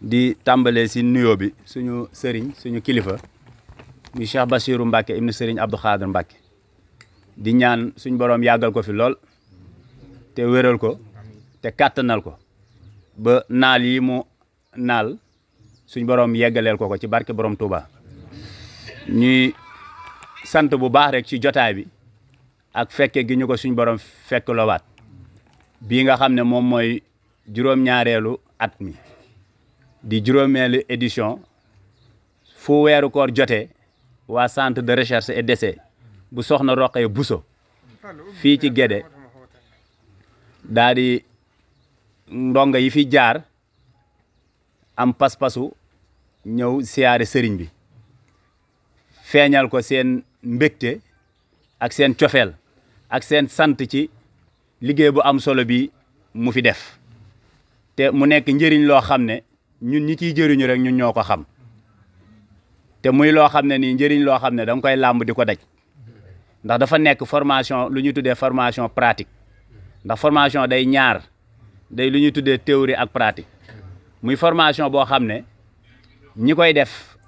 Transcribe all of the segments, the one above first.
di tàmbalee si nuyo bi suñu sëriñ suñu kilifa muy Cheikh Bassirou Mbacke ibnu sëriñ Abdou Khadir Mbacke di ñaan suñ boroom yàggal ko fi lool te wéral ko te kàttanal ko ba naal yi mu naal suñ borom yeggaleel ko ko ci barke borom Touba ñuy sant bu baax rek ci jotaay bi ak fekke gi ñu ko suñ borom fekk lowaat bii nga xam ne moom mooy juróom-ñaareelu at mi di juróomeelu édition fu weeru koor jotee waa sant de recherche et d'essai bu soxna Roqee Bousso fii ci Guédé daa di ndongo yi fi jaar am pas-pasu ñëw siyaare sëriñ bi feeñal ko seen mbégte ak seen cofeel ak seen sant ci liggéey bu am solo bi mu fi def te mu nekk njëriñ loo xam ne ñun ñi ciy jëriñu rek ñun ñoo ko xam te muy loo xam ne nii njëriñ loo xam ne da nga koy làmb di ko daj ndax dafa nekk formation lu ñuy tuddee formation pratique ndax formation day ñaar day lu ñuy tuddee théorie ak pratique muy formation boo xam ne ñi koy def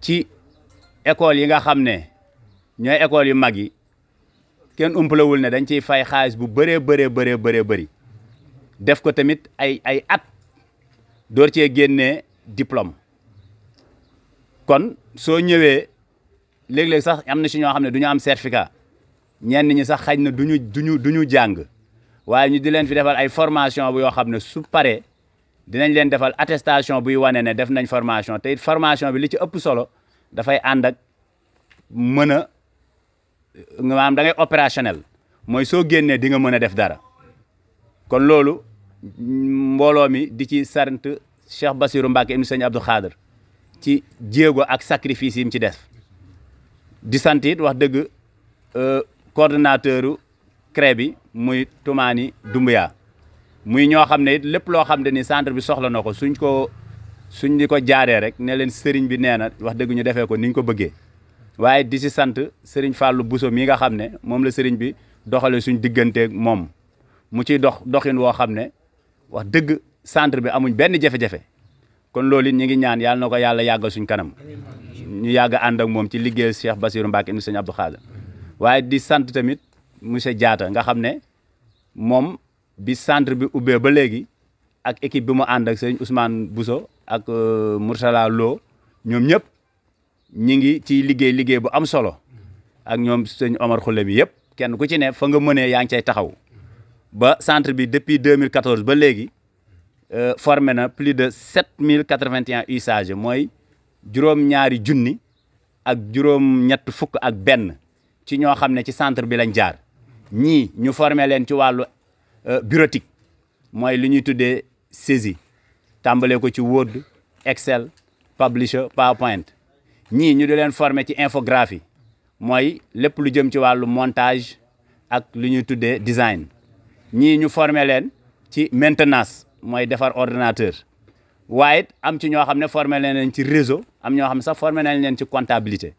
ci école yi nga xam ne ñooy école yu mag yi kenn wul ne dañ ciy fay xaalis bu bëree bëree bëree bëree bëri def ko tamit ay ay at door cee génnee diplôme kon soo ñëwee léeg-léeg sax am na si ñoo xam ne du ñu am certificat ñenn ñu sax xaj na du ñu du jàng waaye ñu di leen fi defal ay formation bu yoo xam ne su paree dinañ leen defal attestation buy wane ne def nañ formation te formation bi li ci ëpp solo dafay ànd ak mën a maanaam da ngay opérationnel mooy soo génnee di nga mën a def dara kon loolu mbooloo mi di ci sant Cheikh Bassirou Mbacke ibn Sëñ Abdou Khader ci jéego ak sacrifice yi mu ci des di sant it wax dëgg euh, coordonnateur CREI bi muy Toumani Doumbouya muy ñoo xam ne it lépp loo xam ni centre bi soxla na ko suñ ko suñ di ko jaaree rek ne leen sëriñ bi nee na wax dëgg ñu defee ko niñ ko bëggee waaye di si sant sëriñ Fallou Bousso mi nga xam ne moom la sëriñ bi doxale suñ digganteeg moom mu ci dox doxin woo xam ne wax deug centre bi amuñ benn jafe-jafe kon loolu it ngi ñaan yalla na yalla yàlla yàggal suñ kanam ñu yag and ak mom ci liggéey Cheikh basirou Mbacke ni seigne Abdou khadim waye di centre tamit monsieur Diatta nga xamné mom bi centre bi ubbe ba légui ak équipe bi mu and ak seigne Ousmane Bousso ak euh, Mursala Lo ñom ñep ñi ngi ci liggéey liggéey bu am solo ak ñom seigne Omar Khoule bi yëpp kenn ku ci ne fa nga mëne yaang taxaw ba centre bi depuis 2014 ba euh formé na plus de 7081 usagers moy juróom-ñaari junni ak juróom-ñett fuk ak ben ci ño xamné ci centre bi lañ jaar ñi ñu formé len ci euh bureautique moy li ñuy tuddee saisie tàmbalee ko ci Word Excel Publisher PowerPoint ñi ñu di len formé ci infographie Moy lepp lu jëm ci walu montage ak li ñuy design ñii ñu former leen ci maintenance mooy defar ordinateur waaye am ci ñoo xam ne former nañ ci réseau am ñoo xam ne sax former nañ leen ci comptabilité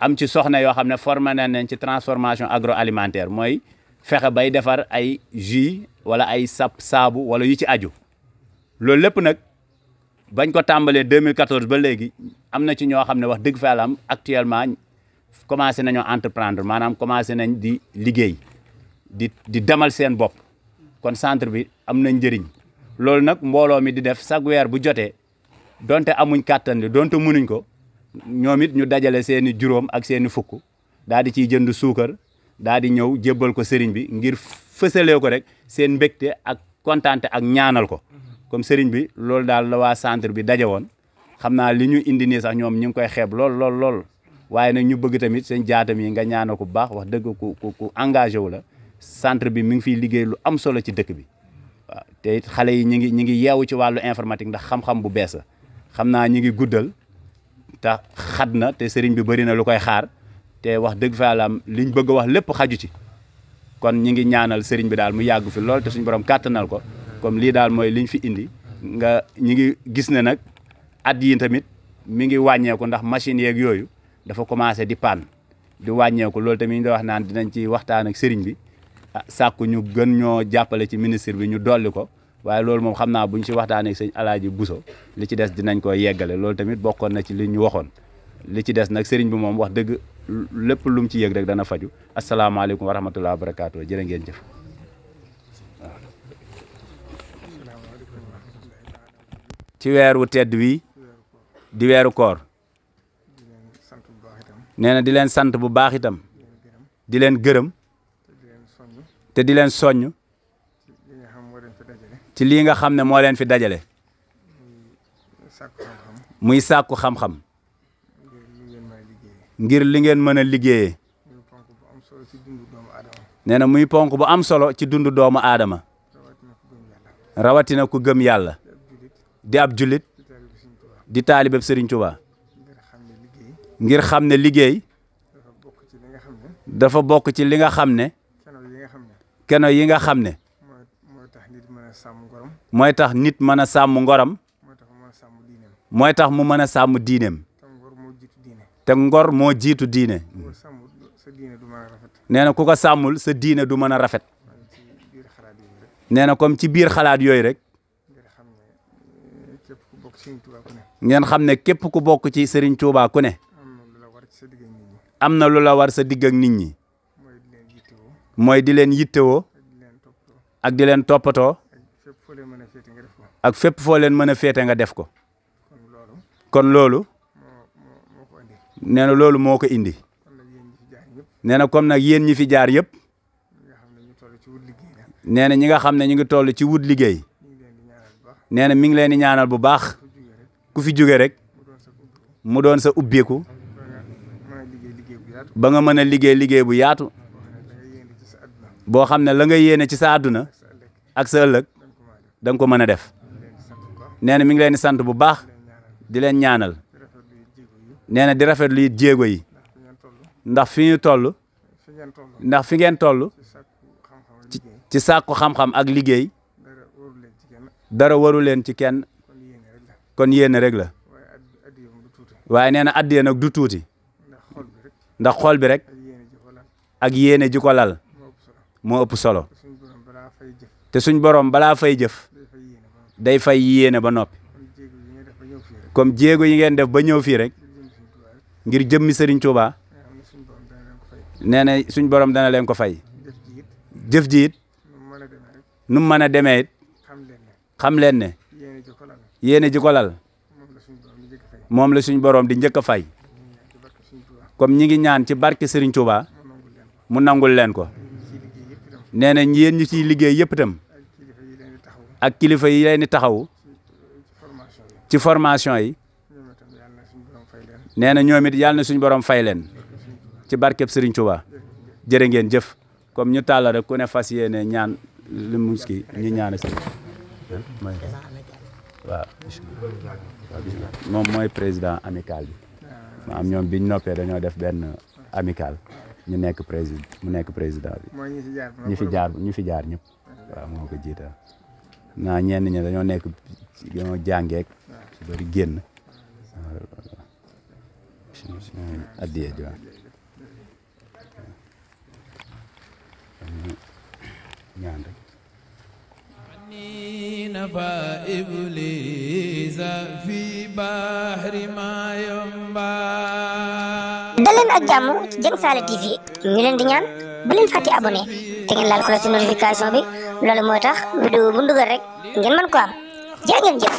am ci soxna yoo xam ne former nañ ci transformation agro alimentaire mooy fexe bay defar ay jui wala ay sap saabu wala yi ci aju loolu lépp nag bañ ko tàmbalee 2014 ba léegi am na ci ñoo xam ne wax dëgg fa yàlla am actuellement commencé nañoo entreprendre maanaam commencé nañ di liggéey di di demal seen bopp kon centre bi am na njëriñ loolu nag mbooloo mi di def chaque weer bu jotee donte amuñ kàttan li donte mënuñ ko ñoom it ñu dajale seen i juróom ak seeni fukk daal di ciy jënd suukar daal di ñëw jébbal ko sëriñ bi ngir fësalee ko rek seen mbégte ak kontaante ak ñaanal ko comme sëriñ bi loolu daal la waa centre bi daje woon xam naa li ñu indi nii sax ñoom ñu ngi koy xeeb lool lool lool waaye ñu bëgg tamit seen jaatam yi nga ñaanal ko bu baax wax dëgg ku ku engagé wu la centre bi mi ngi fiy liggéey lu am solo ci dëkk bi waaw te xale yi ñu ngi ñu ngi yeewu ci wàllu informatique ndax xam-xam bu bees la xam naa ñu ngi guddal te xat na te sëriñ bi bëri na lu koy xaar te wax dëgg fa yàlla am liñ bëgg wax lépp xaju ci kon ñu ngi ñaanal sëriñ bi daal mu yàgg fi lool te suñu borom kàttanal ko comme lii daal mooy liñ fi indi nga ñu ngi gis ne nag at yi tamit mi ngi wàññeeku ndax machine yeeg yooyu dafa commencé di panne di wàññeeku loolu tamit ñu wax naan dinañ ci waxtaan ak sëriñ bi Ah, sàkku ñu gën ñoo jàppale ci ministre bi ñu dolli ko waaye loolu moom xam naa bu ñu si waxtaanee sëñ Alaaji Buso li ci des dinañ ko yeggale loolu tamit bokkoon na ci li ñu waxoon li ci des nag sëriñ bi moom wax dëgg lépp lum ci yëg rek dana faju asalaamaaleykum wa rahmatulah wa barakaatu jërë ci weeru tedd wi di weeru koor nee na di leen sant bu baax itam di leen gërëm te di leen soññ ci lii nga xam ne moo leen fi dajale muy sàkku xam-xam ngir li ngeen mën a liggéeyee nee na muy ponk bu am solo ci dundu doomu aadama rawatina ku gëm yàlla di ab jullit di taalibeb Serigne Touba ngir xam ne liggéey dafa bokk ci li xam ne keno yi nga xam ne. mooy tax nit mën a sàmm ngoram. mooy tax nit mooy tax mu mën a sàmm diineem. te ngor moo jiitu diine. nee na ku ko sàmmul sa diine du mën a rafet. nee na comme ci biir xalaat yooyu rek. Eh, ngeen xam ne képp ku bokk ci Serigne Touba ku ne. am na lu la war sa digg ak nit ñi. mooy di leen yittewoo ak di leen toppatoo ak fépp foo leen mën a féete nga def ko kon loolu nee na loolu moo ko indi nee na comme nag yéen ñi fi jaar yëpp nee na ñi nga xam ne ñu ngi toll ci wut liggéey nee na mi ngi leen di ñaanal bu baax ku fi jóge rek mu doon sa ubbeeku ba mën a liggéey liggéey bu yaatu bo xamne ne la nga yene ci sa aduna ak sa ëlëk dang ko mëna def nee mi ngi leen di sant bu baax di leen ñaanal nee di rafet it jéego yi ndax fi ñu tollu ndax fi ngeen tollu ci xam-xam ak liggéey dara waru leen ci kenn kon yene rek la waaye nee na addiyee du tuti ndax xol bi rek ak yene ji lal moo ëpp solo te suñ boroom balaa fay jëf day fay yéene ba noppi comme jéego yi ngeen def ba ñëw fii rek ngir jëmmi sëriñ Tuuba nee na suñ borom dana leen ko fay jëf jiit num nu mu mën a demee it xam leen ne yéene ji ko moom la suñ borom di njëkk a fay comme ñi ngi ñaan ci barke sëriñ Tuuba mu nangul leen ko nee na yéen ñu ciy liggéey yëpp itam ak kilifa yi di taxaw ci formation yi nee na ñoom it yàlla na suñu borom fay leen ci barkeb Serigne Touba jërë ngeen jëf comme ñu tàll rek ku ne fas yéene ñaan li mu ñu ñaan si waaw mooy président amical bi maanaam ñoom biñ noppee dañoo def benn amical ñu nekk président mu nekk président bi. mooy ñi fi jaar ñi fi jaar ñi fi jaar ñëpp. waaw moo ko jiital naa ñenn ñi dañoo nekk génn. ñaan rek. نفى إبليس في بحر ما ينبغي dal ak jàmm ci Dieng Saala TV ñu leen di ñaan bu leen fàtte abonné te ngeen laal ko la ci notification bi loolu mooy tax vidéo bu rek ngeen mën ko am jaa ngeen jëf.